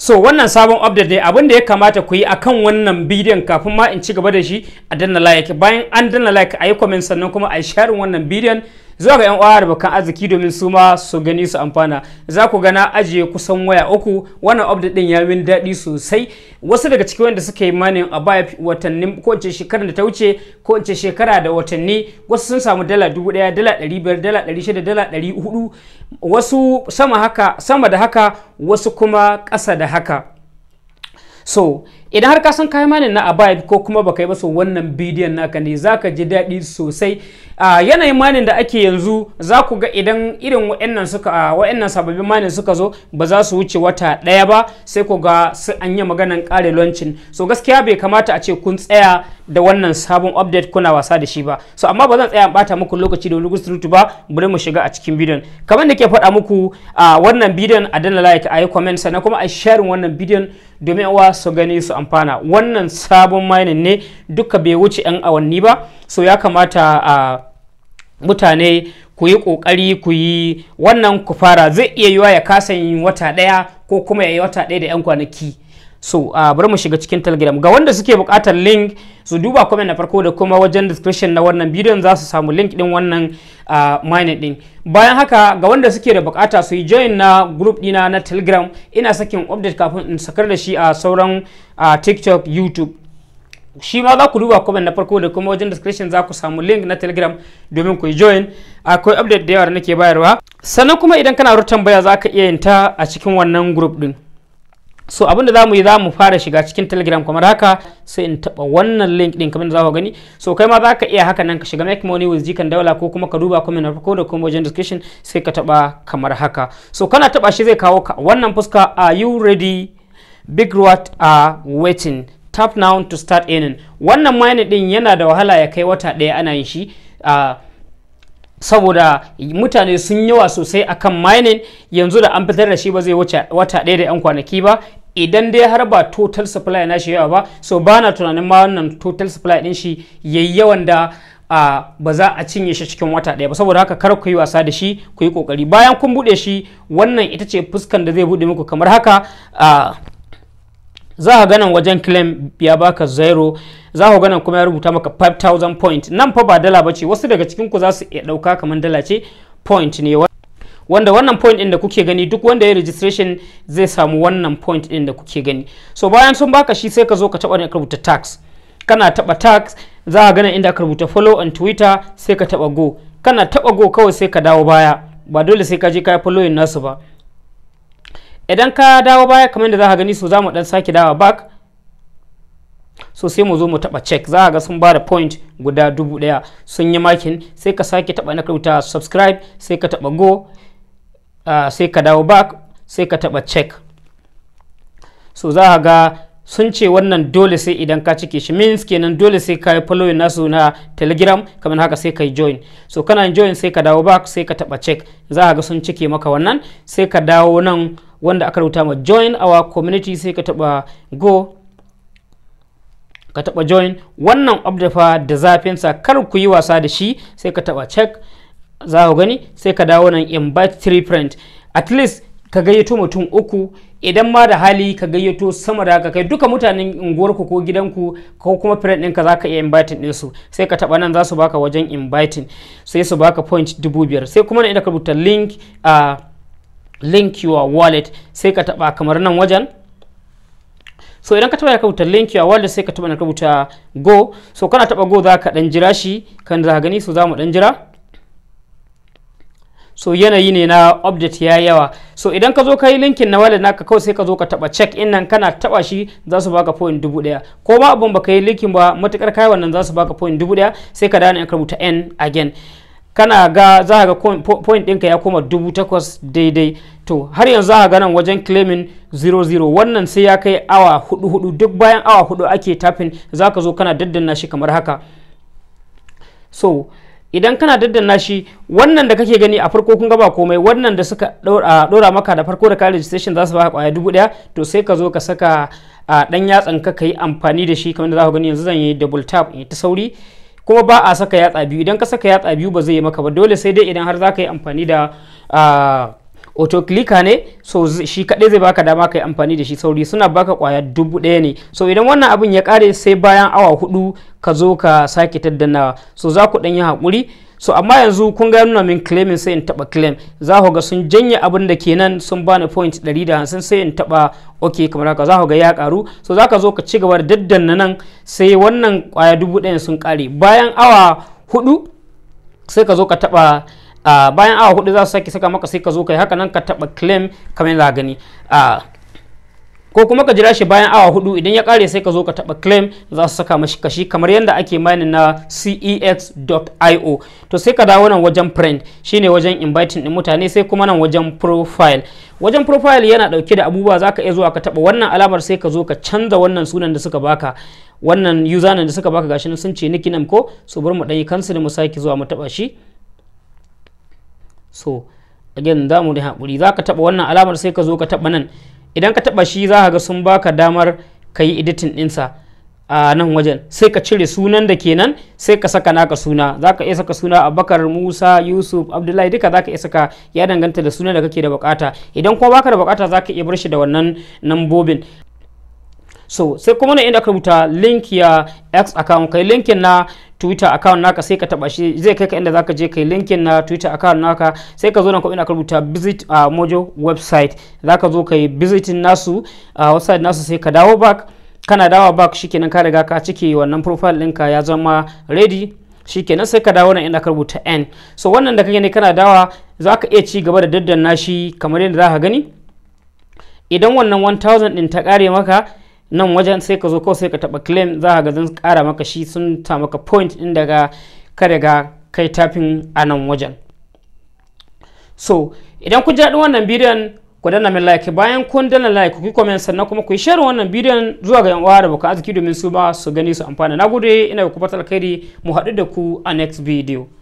so wannan sabon update ne abin da ya kamata ku yi akan wannan bidiyon kafin ma in ci gaba da shi a danna like bayan an danna like a yi comment sannan kuma a yi sharing wannan bidiyon zuwa ga 'yan uwa da bakan arziki domin su ma su gani su amfana za ku gana ajiye kusan waya uku wannan update din ya min daɗi sosai wasu daga cikin wanda suka yi manin a baya watanni ko ince shekarar da ta wuce ko ince shekara da watanni wasu sun samu dala dubu ɗaya dala ɗari biyar dala ɗari shida dala ɗari hudu wasu sama haka sama da haka wasu kuma ƙasa da haka so idan har ka san kayan manin na abide ko kuma baka yi ba wannan bidiyon naka ne zaka ji daɗi sosai a yanayin manin da ake yanzu za ku ga idan irin wa'annan suka wa'annan sababbin manin suka zo ba za su wuce wata daya ba sai ku ga su an yi maganan ƙare launching so gaskiya bai kamata a ce kun tsaya da wannan sabon update kuna wasa da shi ba so amma ba zan tsaya bata muku lokaci da wani surutu ba bari mu shiga a cikin bidiyon kamar da ke faɗa muku a wannan bidiyon a danna like a yi comment sannan kuma a share wannan bidiyon domin wa su gani su amfana wannan sabon mining ne duka bai wuce 'yan awanni ba so ya kamata a mutane ku yi ƙoƙari ku yi wannan ku fara zai iya yiwa ya kasa yin wata ɗaya ko kuma ya yi wata ɗaya da 'yan kwanaki so uh, bari mu shiga cikin telegram ga wanda suke bukatar link su duba comment na farko da kuma wajen description na wannan bidiyon za su samu link din wannan uh, ah, din bayan haka ga wanda suke da bukata su yi join na group dina na telegram ina sakin update kafin in sakar da shi a sauran uh, tiktok youtube shi ma za ku duba comment na farko da kuma wajen description za ku samu link na telegram domin ku join akwai update da yawa da nake bayarwa sannan kuma idan kana rubuta tambaya za ka iya yin ta a cikin wannan group din so abinda da zamu yi zamu fara shiga cikin telegram kamar haka sai in taba wannan link din kamar za ku gani so kai ma za iya haka nan ka shiga make money with jikan daula ko kuma ka duba comment na farko da kuma wajen description sai ka taba kamar haka so kana taba shi zai kawo ka wannan fuska are you ready big reward are waiting tap now to start earning wannan mining din yana da wahala ya kai wata ɗaya ana yin shi saboda mutane sun yawa sosai akan mining yanzu da an fitar da shi ba zai wuce wata ɗaya da yan kwanaki ba idan dai har ba total supply na shi yawa ba so ba na tunanin ma wannan total supply din shi yayi yawan da ba za a cinye shi cikin wata ɗaya ba saboda haka kar ku yi wasa da shi ku yi kokari bayan kun bude shi wannan ita ce fuskan da zai bude muku kamar haka za ka ganin wajen claim ya baka zero za ka ganin kuma ya rubuta maka 5000 point nan fa ba dala ba ce wasu daga cikin ku za su iya ɗauka kamar dala ce point ne wanda wannan point din da kuke gani duk wanda ya registration zai samu wannan point din da kuke gani so bayan sun baka shi sai ka zo ka taba ne ka rubuta tax kana taba tax za ka gana inda ka rubuta follow on twitter sai ka taba go kana taba go kawai sai ka dawo baya ba dole sai ka je ka in nasu ba idan ka dawo baya kamar da za ka gani so za mu dan sake dawo back so sai mu zo mu taba check za ga sun ba da point guda dubu daya sun yi makin sai ka sake taba na rubuta subscribe sai ka taba go uh, sai ka dawo back sai ka taba check so za ga sun ce wannan dole sai idan ka cike shi means kenan dole sai ka yi following nasu na telegram kamar haka sai ka yi join so kana join sai ka dawo back sai ka taba check za ga sun cike maka wannan sai ka dawo nan wanda aka rubuta ma join our community sai ka taba go ka taba join wannan fa da zafinsa kar ku yi wasa da shi sai ka taba check za ku gani sai ka dawo nan invite three print at least ka gayyato mutum uku idan ma da hali ka gayyato sama da haka kai duka mutanen unguwarku ko gidanku ko kuma print ɗinka za ka iya inviting ɗinsu sai ka taɓa nan za su baka wajen inviting sai su baka point dubu biyar sai kuma na inda ka rubuta link a uh, link your wallet sai ka taɓa kamar nan wajen so idan ka taba ka rubuta link your wallet sai ka taba na rubuta go so kana taba go za ka dan jira shi kan za ka gani so za mu dan jira so yanayi ne na update ya yawa so idan ka zo ka linkin na wallet naka kawai sai ka zo ka taba check in nan kana taba shi za su baka point dubu daya ko ma abun baka yi linkin ba matukar kai wannan za su baka point dubu daya sai ka dana ka rubuta n again kana ga za ga point ɗinka ya koma dubu takwas daidai to har yanzu za ga nan wajen claiming 00 wannan sai ya kai awa hudu hudu duk bayan awa hudu ake tapping za ka zo kana daddana shi kamar haka so idan kana daddana shi wannan da kake gani a farko kun gaba komai wannan da suka dora maka da farko da ka registration za su baka kwaya dubu daya to sai ka zo ka saka dan yatsan ka yi amfani da shi kamar da za ka gani yanzu zan yi double tap ta sauri kuma ba a saka yatsa biyu idan ka saka yatsa biyu ba zai yi maka ba dole sai dai idan har za ka yi amfani da auto clicker ne so shi kaɗai zai baka dama kai amfani da shi sauri suna baka kwaya dubu ɗaya ne so idan wannan abun ya kare sai bayan awa hudu ka zo ka sake taddanawa so za ku ɗan yi hakuri so amma yanzu kun ga nuna min claiming sai in taba claim za ku ga sun janye abun da kenan sun bani point 150 sai in taba ok kamar haka za ku ga ya karu so za ka zo ka ci gaba da daddanna nan sai wannan kwaya dubu daya sun kare bayan awa hudu sai ka zo ka taba Ah, bayan awa hudu za su sake saka maka sai ka zo kai haka nan ka taba claim kamar yadda gani ah, ko kuma ka jira shi bayan awa hudu idan ya kare sai ka zo ka taba claim za su saka mashi kashi kamar yadda ake mani na cex.io to sai ka dawo nan wajen print shine wajen inviting din mutane sai kuma nan wajen profile wajen profile yana dauke da abubuwa zaka iya zuwa ka taba wannan alamar sai ka zo ka canza wannan sunan da suka baka wannan user nan da suka baka gashi sun ce nickname ko so bar mu dai cancel mu sake zuwa mu taba shi so again za mu da haƙuri za ka taɓa wannan alamar sai ka zo ka taɓa nan idan ka taba shi za ka ga sun baka damar ka yi editing ɗinsa a nan wajen sai ka cire sunan da ke nan sai ka saka naka suna za ka iya saka suna abakar musa yusuf abdullahi duka za ka iya saka ya danganta da sunan da kake da bukata idan kuma baka da bukata za ka iya bar shi da wannan nambobin so sai kuma na inda ka rubuta link ya x account kai linkin na twitter account naka sai ka taba shi zai kai ka inda zaka je kai linkin na twitter account naka sai ka zo nan kuma ina ka rubuta visit a uh, mojo website zaka zo kai visiting nasu a uh, website nasu sai ka dawo back kana dawo back shikenan ka riga ka cike wannan profile ɗinka ya zama ready shikenan sai ka dawo nan inda ka rubuta n so wannan da kake ne kana dawa zaka iya ci gaba da daddanna shi kamar yadda zaka gani idan wannan 1000 din ta kare maka nan wajen sai ka zo ko sai ka taba claim za ka ga zan kara maka shi sun ta maka point din daga ka daga kai tafin a nan wajen so idan ku ji wannan bidiyon ku danna min like bayan kun danna like ku comment sannan kuma ku share wannan bidiyon zuwa ga yan uwa da bukan arziki domin su ba su gani su amfana nagode ina ku fatan alkhairi mu haɗu da ku a next video